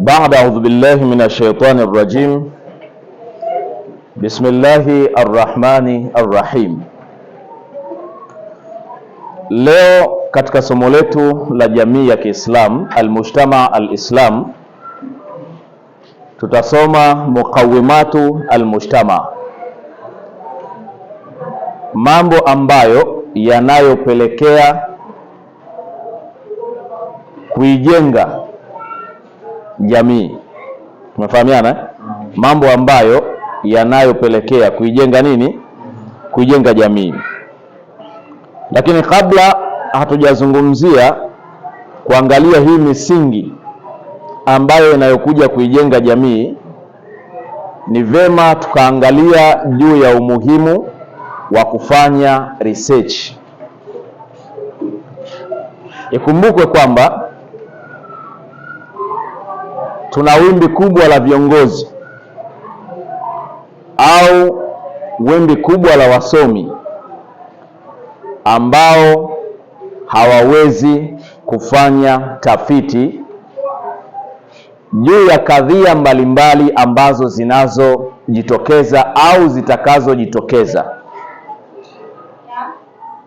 بعد أعوذ بالله من الشيطان الرجيم بسم الله الرحمن الرحيم Leo katika somo letu la jamii ya kiislam almujtama alislam, tutasoma muqawimatu almujtama, mambo ambayo yanayopelekea kuijenga jamii. Tumefahamiana eh? Mambo ambayo yanayopelekea kuijenga nini? Kuijenga jamii. Lakini kabla hatujazungumzia kuangalia hii misingi ambayo inayokuja kuijenga jamii, ni vema tukaangalia juu ya umuhimu wa kufanya research. Ikumbukwe kwamba tuna wimbi kubwa la viongozi au wimbi kubwa la wasomi ambao hawawezi kufanya tafiti juu ya kadhia mbalimbali ambazo zinazojitokeza au zitakazojitokeza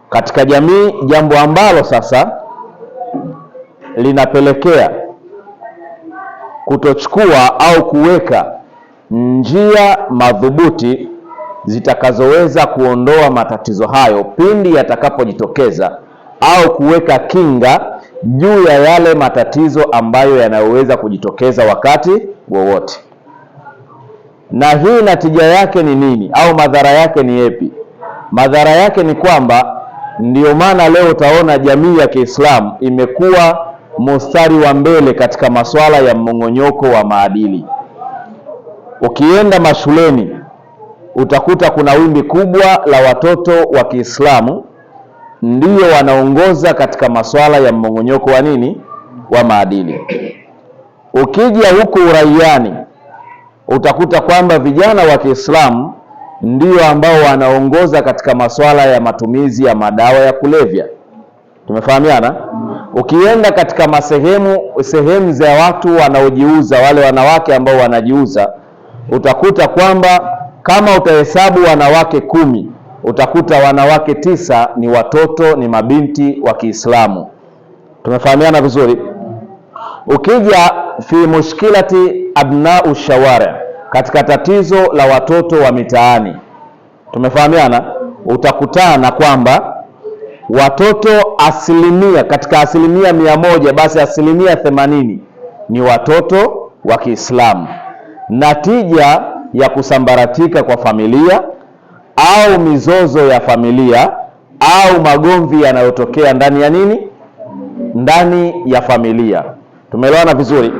katika jamii, jambo ambalo sasa linapelekea kutochukua au kuweka njia madhubuti zitakazoweza kuondoa matatizo hayo pindi yatakapojitokeza au kuweka kinga juu ya yale matatizo ambayo yanayoweza kujitokeza wakati wowote. Na hii natija yake ni nini au madhara yake ni yapi? Madhara yake ni kwamba, ndiyo maana leo utaona jamii ya Kiislamu imekuwa mstari wa mbele katika masuala ya mmong'onyoko wa maadili. Ukienda mashuleni utakuta kuna wimbi kubwa la watoto wa Kiislamu ndio wanaongoza katika masuala ya mmong'onyoko wa nini, wa maadili. Ukija huku uraiani utakuta kwamba vijana wa Kiislamu ndio ambao wanaongoza katika masuala ya matumizi ya madawa ya kulevya. Tumefahamiana? Ukienda katika masehemu sehemu za watu wanaojiuza, wale wanawake ambao wanajiuza, utakuta kwamba kama utahesabu wanawake kumi, utakuta wanawake tisa ni watoto, ni mabinti wa Kiislamu. Tumefahamiana vizuri. Ukija fi mushkilati abnau shawari, katika tatizo la watoto wa mitaani, tumefahamiana, utakutana kwamba watoto asilimia katika asilimia mia moja basi asilimia themanini ni watoto wa Kiislamu. Na tija ya kusambaratika kwa familia au mizozo ya familia au magomvi yanayotokea ndani ya nini, ndani ya familia. Tumeelewana vizuri?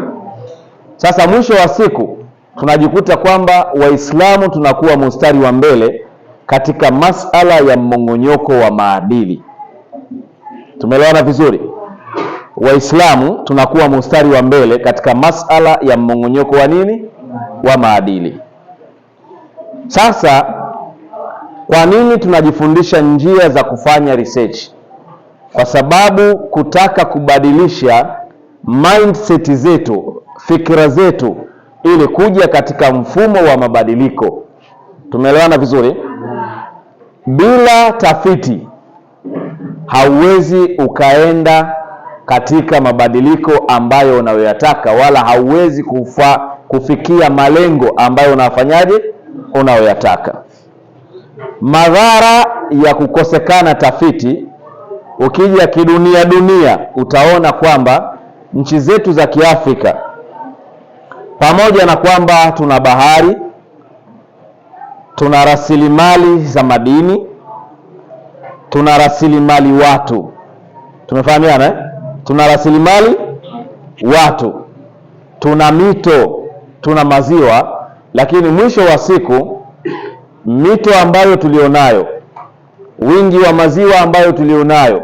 Sasa mwisho wa siku tunajikuta kwamba Waislamu tunakuwa mstari wa mbele katika masala ya mmong'onyoko wa maadili. Tumeelewana vizuri? Waislamu tunakuwa mustari wa mbele katika masala ya mmong'onyoko wa nini, wa maadili. Sasa kwa nini tunajifundisha njia za kufanya research? Kwa sababu kutaka kubadilisha mindset zetu, fikira zetu, ili kuja katika mfumo wa mabadiliko. Tumeelewana vizuri? Bila tafiti hauwezi ukaenda katika mabadiliko ambayo unayoyataka, wala hauwezi kufa, kufikia malengo ambayo unafanyaje unayoyataka. Madhara ya kukosekana tafiti, ukija kidunia dunia utaona kwamba nchi zetu za Kiafrika pamoja na kwamba tuna bahari, tuna rasilimali za madini tuna rasilimali watu. Tumefahamiana eh? Tuna rasilimali watu, tuna mito, tuna maziwa, lakini mwisho wa siku mito ambayo tulionayo, wingi wa maziwa ambayo tulionayo,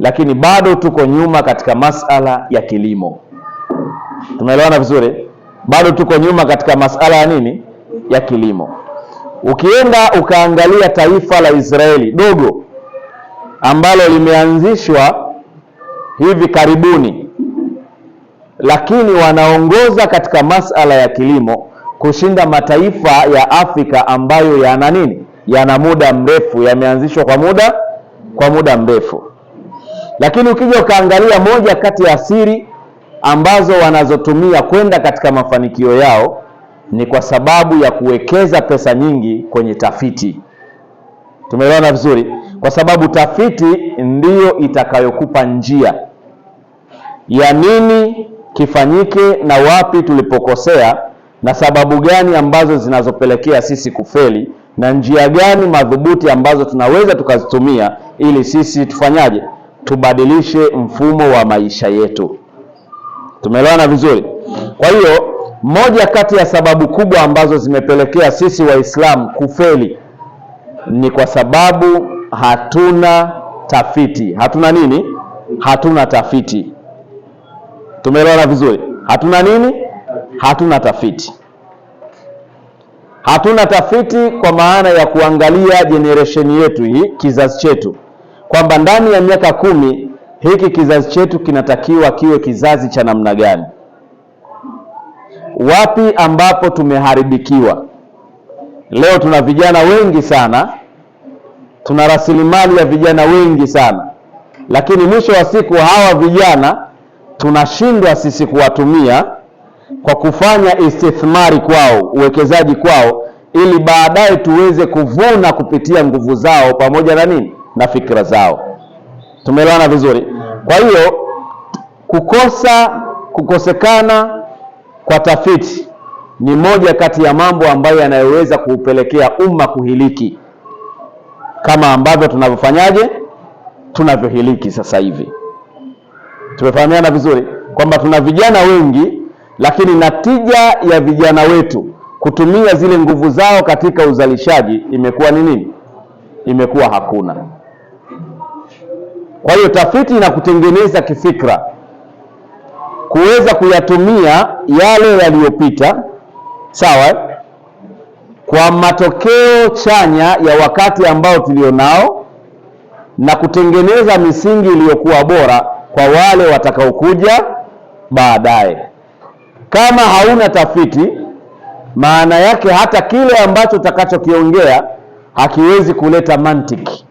lakini bado tuko nyuma katika masala ya kilimo. Tumeelewana vizuri? Bado tuko nyuma katika masala ya nini? Ya kilimo. Ukienda ukaangalia taifa la Israeli dogo ambalo limeanzishwa hivi karibuni, lakini wanaongoza katika masala ya kilimo kushinda mataifa ya Afrika ambayo yana nini, yana muda mrefu, yameanzishwa kwa muda kwa muda mrefu. Lakini ukija ukaangalia moja kati ya siri ambazo wanazotumia kwenda katika mafanikio yao ni kwa sababu ya kuwekeza pesa nyingi kwenye tafiti. Tumeelewana vizuri? kwa sababu tafiti ndiyo itakayokupa njia ya nini kifanyike na wapi tulipokosea na sababu gani ambazo zinazopelekea sisi kufeli na njia gani madhubuti ambazo tunaweza tukazitumia ili sisi tufanyaje, tubadilishe mfumo wa maisha yetu. Tumeelewana vizuri? Kwa hiyo moja kati ya sababu kubwa ambazo zimepelekea sisi Waislamu kufeli ni kwa sababu hatuna tafiti. Hatuna nini? Hatuna tafiti. Tumeelewana vizuri? Hatuna nini? Hatuna tafiti. Hatuna tafiti kwa maana ya kuangalia generation yetu hii, kizazi chetu, kwamba ndani ya miaka kumi hiki kizazi chetu kinatakiwa kiwe kizazi cha namna gani, wapi ambapo tumeharibikiwa. Leo tuna vijana wengi sana tuna rasilimali ya vijana wengi sana, lakini mwisho wa siku hawa vijana tunashindwa sisi kuwatumia kwa kufanya istithmari kwao, uwekezaji kwao, ili baadaye tuweze kuvuna kupitia nguvu zao pamoja na nini na fikra zao. Tumeelewana vizuri? Kwa hiyo kukosa kukosekana kwa tafiti ni moja kati ya mambo ambayo yanayoweza kuupelekea umma kuhiliki kama ambavyo tunavyofanyaje tunavyohiliki sasa hivi. Tumefahamiana vizuri kwamba tuna vijana wengi, lakini natija ya vijana wetu kutumia zile nguvu zao katika uzalishaji imekuwa ni nini? Imekuwa hakuna. Kwa hiyo tafiti na kutengeneza kifikra, kuweza kuyatumia yale yaliyopita, sawa kwa matokeo chanya ya wakati ambao tulionao na kutengeneza misingi iliyokuwa bora kwa wale watakaokuja baadaye. Kama hauna tafiti, maana yake hata kile ambacho utakachokiongea hakiwezi kuleta mantiki.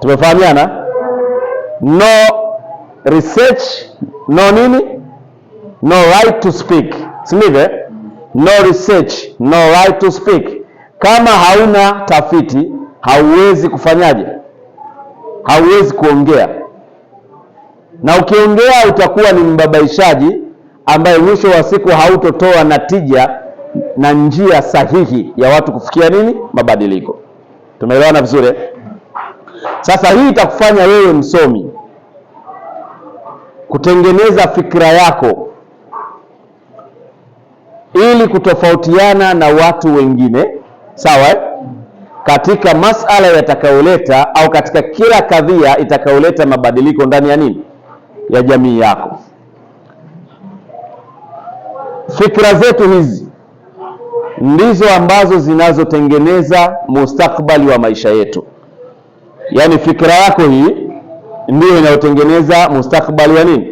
Tumefahamiana? No research, no nini, no right to speak, si ndivyo? no research, no right to speak. Kama hauna tafiti hauwezi kufanyaje? Hauwezi kuongea, na ukiongea utakuwa ni mbabaishaji ambaye mwisho wa siku hautotoa natija na njia sahihi ya watu kufikia nini? Mabadiliko. Tumeelewana vizuri? Eh? Sasa hii itakufanya wewe msomi kutengeneza fikra yako ili kutofautiana na watu wengine sawa, katika masala yatakayoleta au katika kila kadhia itakayoleta mabadiliko ndani ya nini, ya jamii yako. Fikra zetu hizi ndizo ambazo zinazotengeneza mustakbali wa maisha yetu. Yaani fikra yako hii ndiyo inayotengeneza mustakbali wa nini,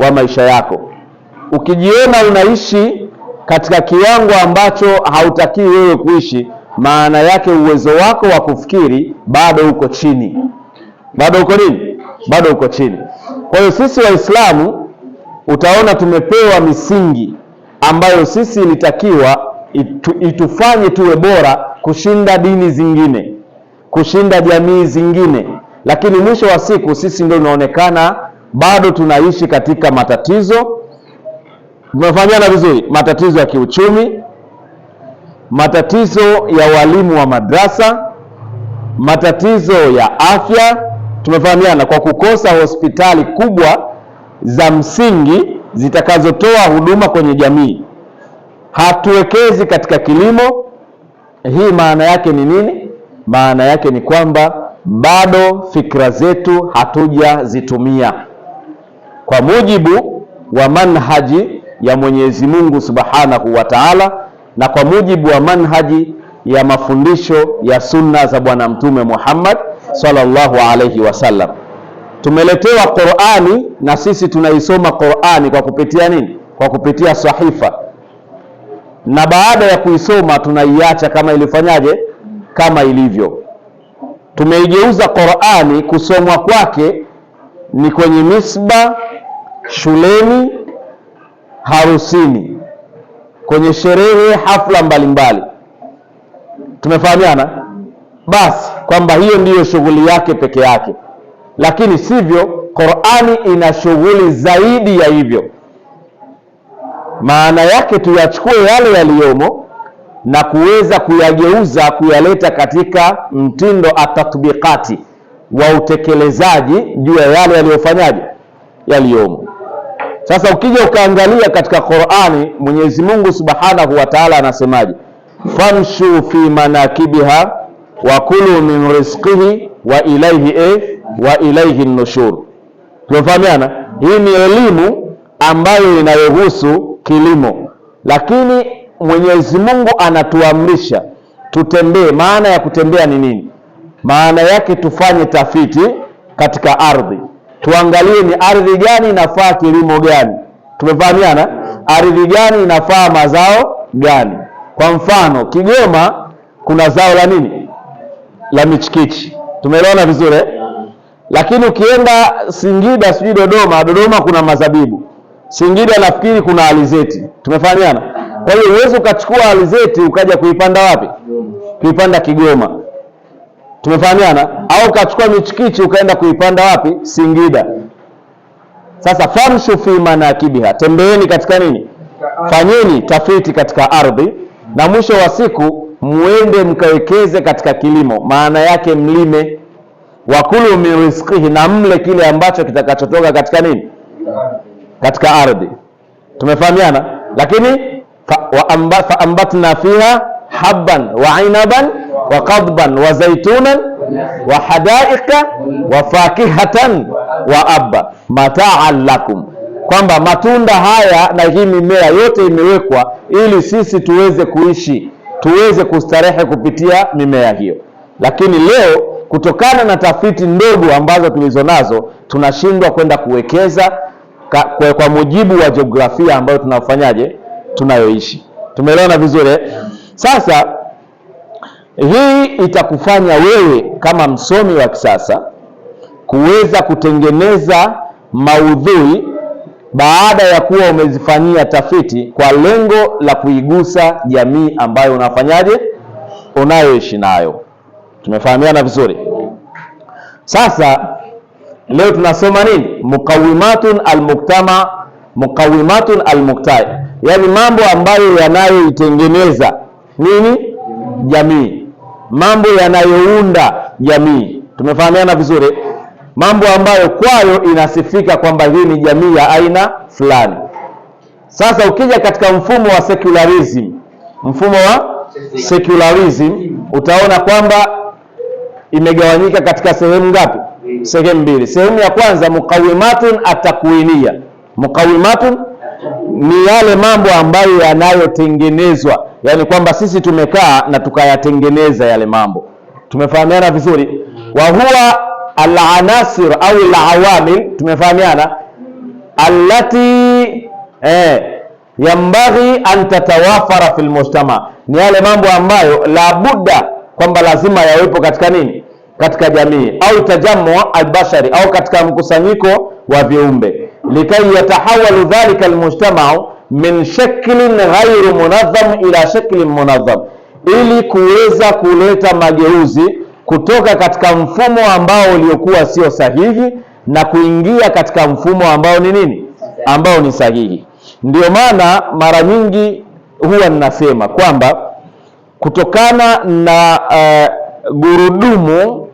wa maisha yako. Ukijiona unaishi katika kiwango ambacho hautakii wewe kuishi, maana yake uwezo wako wa kufikiri bado uko chini, bado uko nini? Bado uko chini. Kwa hiyo sisi Waislamu utaona tumepewa misingi ambayo sisi ilitakiwa itu, itufanye tuwe bora kushinda dini zingine, kushinda jamii zingine, lakini mwisho wa siku sisi ndio tunaonekana bado tunaishi katika matatizo tumefanyana vizuri. Matatizo ya kiuchumi, matatizo ya walimu wa madrasa, matatizo ya afya, tumefahamiana kwa kukosa hospitali kubwa za msingi zitakazotoa huduma kwenye jamii. Hatuwekezi katika kilimo. Hii maana yake ni nini? Maana yake ni kwamba bado fikra zetu hatujazitumia kwa mujibu wa manhaji ya Mwenyezi Mungu Subhanahu wa Ta'ala, na kwa mujibu wa manhaji ya mafundisho ya sunna za Bwana Mtume Muhammad sallallahu alayhi wasallam. Tumeletewa Qur'ani na sisi tunaisoma Qur'ani kwa kupitia nini? Kwa kupitia sahifa, na baada ya kuisoma tunaiacha kama ilifanyaje, kama ilivyo. Tumeigeuza Qur'ani kusomwa kwake ni kwenye misba, shuleni harusini, kwenye sherehe, hafla mbalimbali. Tumefahamiana basi kwamba hiyo ndiyo shughuli yake peke yake, lakini sivyo. Qur'ani ina shughuli zaidi ya hivyo. Maana yake tuyachukue yale yaliyomo na kuweza kuyageuza kuyaleta katika mtindo atatbiqati wa utekelezaji juu ya yale yaliyofanyaje yaliyomo. Sasa ukija ukaangalia katika Qur'ani, Mwenyezi Mungu Subhanahu wa Ta'ala anasemaje? famshu fi manakibiha wa kulu min rizqihi wa ilayhi e, wa ilayhi nushur. Tunafahamiana, hii ni elimu ambayo inayohusu kilimo, lakini Mwenyezi Mungu anatuamrisha tutembee. Maana ya kutembea ni nini? Maana yake tufanye tafiti katika ardhi tuangalie ni ardhi gani inafaa kilimo gani. Tumefahamiana, ardhi gani inafaa mazao gani? Kwa mfano Kigoma kuna zao la nini, la michikichi, tumeelewana vizuri eh? lakini ukienda Singida sijui Dodoma, Dodoma kuna mazabibu, Singida nafikiri kuna alizeti. Tumefahamiana. Kwa hiyo uweze ukachukua alizeti ukaja kuipanda wapi? Kuipanda Kigoma tumefahamiana? Au ukachukua michikichi ukaenda kuipanda wapi? Singida. Sasa famshu fi manakibiha, tembeeni katika nini, fanyeni tafiti katika ardhi, na mwisho wa siku muende mkawekeze katika kilimo, maana yake mlime. Wakulu min rizqihi, na mle kile ambacho kitakachotoka katika nini, katika ardhi. Tumefahamiana? Lakini fa ambatna fiha habban wa inaban wa qadban wa zaitunan wa hadaika wa fakihatan wa abba mataan lakum, kwamba matunda haya na hii mimea yote imewekwa ili sisi tuweze kuishi, tuweze kustarehe kupitia mimea hiyo. Lakini leo kutokana na tafiti ndogo ambazo tulizo nazo tunashindwa kwenda kuwekeza kwa, kwa mujibu wa jiografia ambayo tunafanyaje tunayoishi. Tumeelewana vizuri? Eh? Sasa hii itakufanya wewe kama msomi wa kisasa kuweza kutengeneza maudhui baada ya kuwa umezifanyia tafiti kwa lengo la kuigusa jamii ambayo unafanyaje, unayoishi nayo. Tumefahamiana vizuri? Sasa leo tunasoma nini? Muqawimatun almuktama, muqawimatun almuktai, yaani mambo ambayo yanayoitengeneza nini jamii mambo yanayounda jamii. Tumefahamiana vizuri, mambo ambayo kwayo inasifika kwamba hii ni jamii ya aina fulani. Sasa ukija katika mfumo wa secularism, mfumo wa secularism utaona kwamba imegawanyika katika sehemu ngapi? Sehemu mbili. Sehemu ya kwanza mukawimatun atakuinia, mukawimatun ni yale mambo ambayo yanayotengenezwa yaani kwamba sisi tumekaa na tukayatengeneza yale mambo. Tumefahamiana vizuri, wa huwa alanasir au alawamil, tumefahamiana allati eh, yambaghi an tatawafara fil mujtama, ni yale mambo ambayo budda kwamba lazima yawepo katika nini, katika jamii au tajamu albashari, au katika mkusanyiko wa viumbe, likai yatahawalu dhalika almujtamau min shaklin ghairu munadham ila shaklin munadham, ili kuweza kuleta mageuzi kutoka katika mfumo ambao uliokuwa sio sahihi na kuingia katika mfumo ambao ni nini, ambao ni sahihi. Ndio maana mara nyingi huwa ninasema kwamba kutokana na uh, gurudumu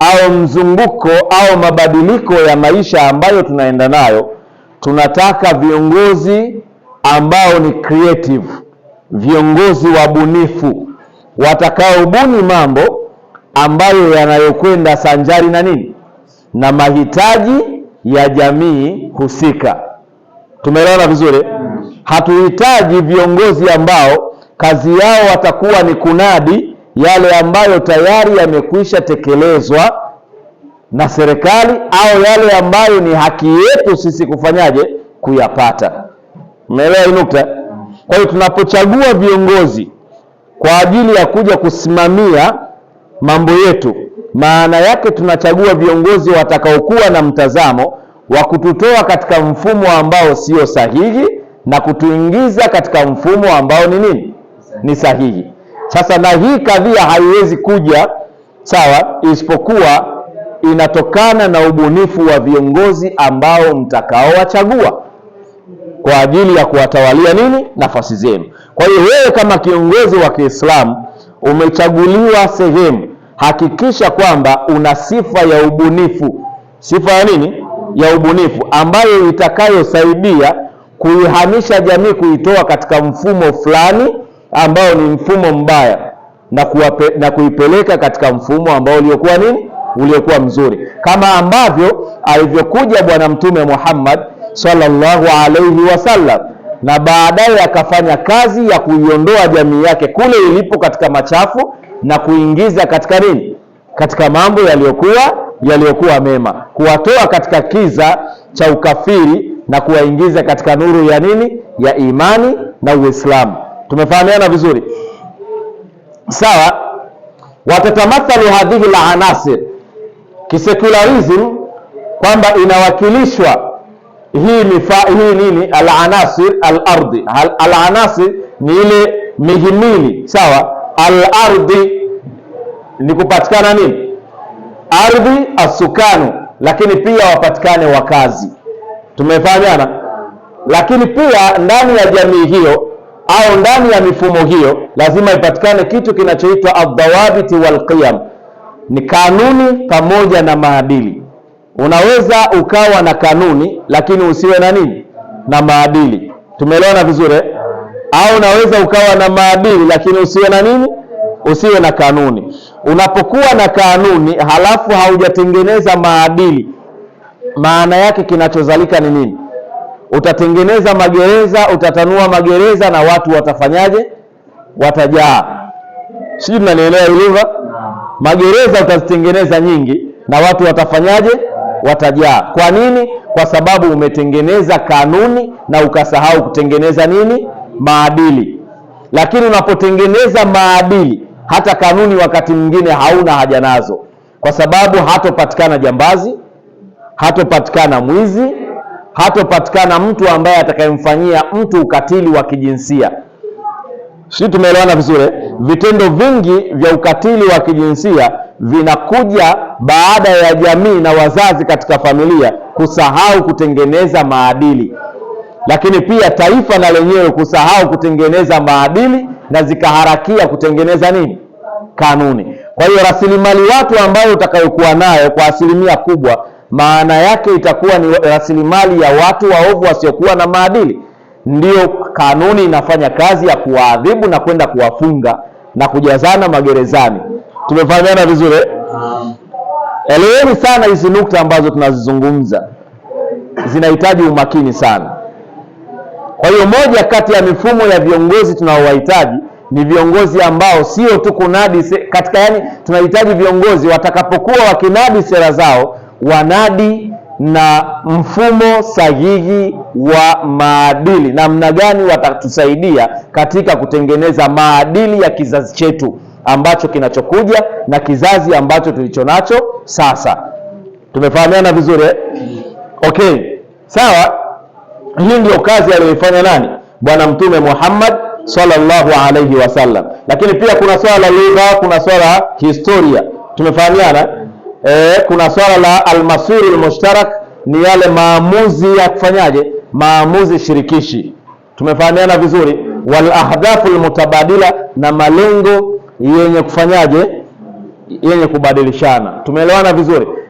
au mzunguko au mabadiliko ya maisha ambayo tunaenda nayo, tunataka viongozi ambao ni creative, viongozi wabunifu watakaobuni mambo ambayo yanayokwenda sanjari na nini na mahitaji ya jamii husika. Tumeelewana vizuri? Hatuhitaji viongozi ambao kazi yao watakuwa ni kunadi yale ambayo tayari yamekwisha tekelezwa na serikali au yale ambayo ni haki yetu sisi kufanyaje kuyapata. Umeelewa hii nukta? Kwa hiyo tunapochagua viongozi kwa ajili ya kuja kusimamia mambo yetu, maana yake tunachagua viongozi watakaokuwa na mtazamo wa kututoa katika mfumo ambao sio sahihi na kutuingiza katika mfumo ambao ni nini? Ni sahihi. Sasa na hii kadhia haiwezi kuja sawa, isipokuwa inatokana na ubunifu wa viongozi ambao mtakaowachagua kwa ajili ya kuwatawalia nini nafasi zenu. Kwa hiyo wewe kama kiongozi wa Kiislamu umechaguliwa sehemu, hakikisha kwamba una sifa ya ubunifu. Sifa ya nini? Ya ubunifu ambayo itakayosaidia kuihamisha jamii, kuitoa katika mfumo fulani ambao ni mfumo mbaya na, kuwape, na kuipeleka katika mfumo ambao uliokuwa nini, uliokuwa mzuri, kama ambavyo alivyokuja Bwana Mtume Muhammad sallallahu alaihi wasallam, na baadaye akafanya kazi ya kuiondoa jamii yake kule ilipo katika machafu na kuingiza katika nini, katika mambo yaliyokuwa yaliyokuwa mema, kuwatoa katika kiza cha ukafiri na kuwaingiza katika nuru ya nini, ya imani na Uislamu. Tumefahamiana vizuri, sawa? watatamathalu hadhihi la anasir kisekularism, kwamba inawakilishwa hii ni fa, hii nini alanasir alardi alanasir ni ile mihimili sawa. Alardi ni kupatikana nini, ardhi asukanu, lakini pia wapatikane wakazi. Tumefahamiana. Lakini pia ndani ya jamii hiyo au ndani ya mifumo hiyo lazima ipatikane kitu kinachoitwa aldawabiti walqiyam, ni kanuni pamoja na maadili Unaweza ukawa na kanuni lakini usiwe na nini na maadili. Tumeelewana vizuri? Eh? Au unaweza ukawa na maadili lakini usiwe na nini, usiwe na kanuni. Unapokuwa na kanuni halafu haujatengeneza maadili, maana yake kinachozalika ni nini? Utatengeneza magereza, utatanua magereza na watu watafanyaje? Watajaa. Sijui mnanielewa? Ilivyo magereza utazitengeneza nyingi na watu watafanyaje? watajaa. Kwa nini? Kwa sababu umetengeneza kanuni na ukasahau kutengeneza nini? Maadili. Lakini unapotengeneza maadili, hata kanuni wakati mwingine hauna haja nazo, kwa sababu hatopatikana jambazi, hatopatikana mwizi, hatopatikana mtu ambaye atakayemfanyia mtu ukatili wa kijinsia. Sisi tumeelewana vizuri. Eh? Vitendo vingi vya ukatili wa kijinsia vinakuja baada ya jamii na wazazi katika familia kusahau kutengeneza maadili, lakini pia taifa na lenyewe kusahau kutengeneza maadili na zikaharakia kutengeneza nini, kanuni. Kwa hiyo rasilimali watu ambayo utakayokuwa nayo kwa asilimia kubwa, maana yake itakuwa ni rasilimali ya watu waovu wasiokuwa na maadili. Ndiyo kanuni inafanya kazi ya kuwaadhibu na kwenda kuwafunga na kujazana magerezani. Tumefahamiana vizuri? Eh? Eleweni sana hizi nukta ambazo tunazizungumza, zinahitaji umakini sana. Kwa hiyo moja kati ya mifumo ya viongozi tunaowahitaji ni viongozi ambao sio tu kunadi katika, yani tunahitaji viongozi watakapokuwa wakinadi sera zao wanadi na mfumo sahihi wa maadili, namna gani watatusaidia katika kutengeneza maadili ya kizazi chetu ambacho kinachokuja na kizazi ambacho tulicho nacho sasa. Tumefahamiana vizuri eh? Okay, sawa. Hii ndio kazi aliyoifanya nani? Bwana Mtume Muhammad sallallahu alayhi wasallam. Lakini pia kuna swala la lugha, kuna swala la historia. Tumefahamiana eh, kuna swala la almasuri almushtarak, ni yale maamuzi ya kufanyaje, maamuzi shirikishi. Tumefahamiana vizuri, wal ahdafu almutabadila, na malengo yenye kufanyaje, yenye kubadilishana. Tumeelewana vizuri?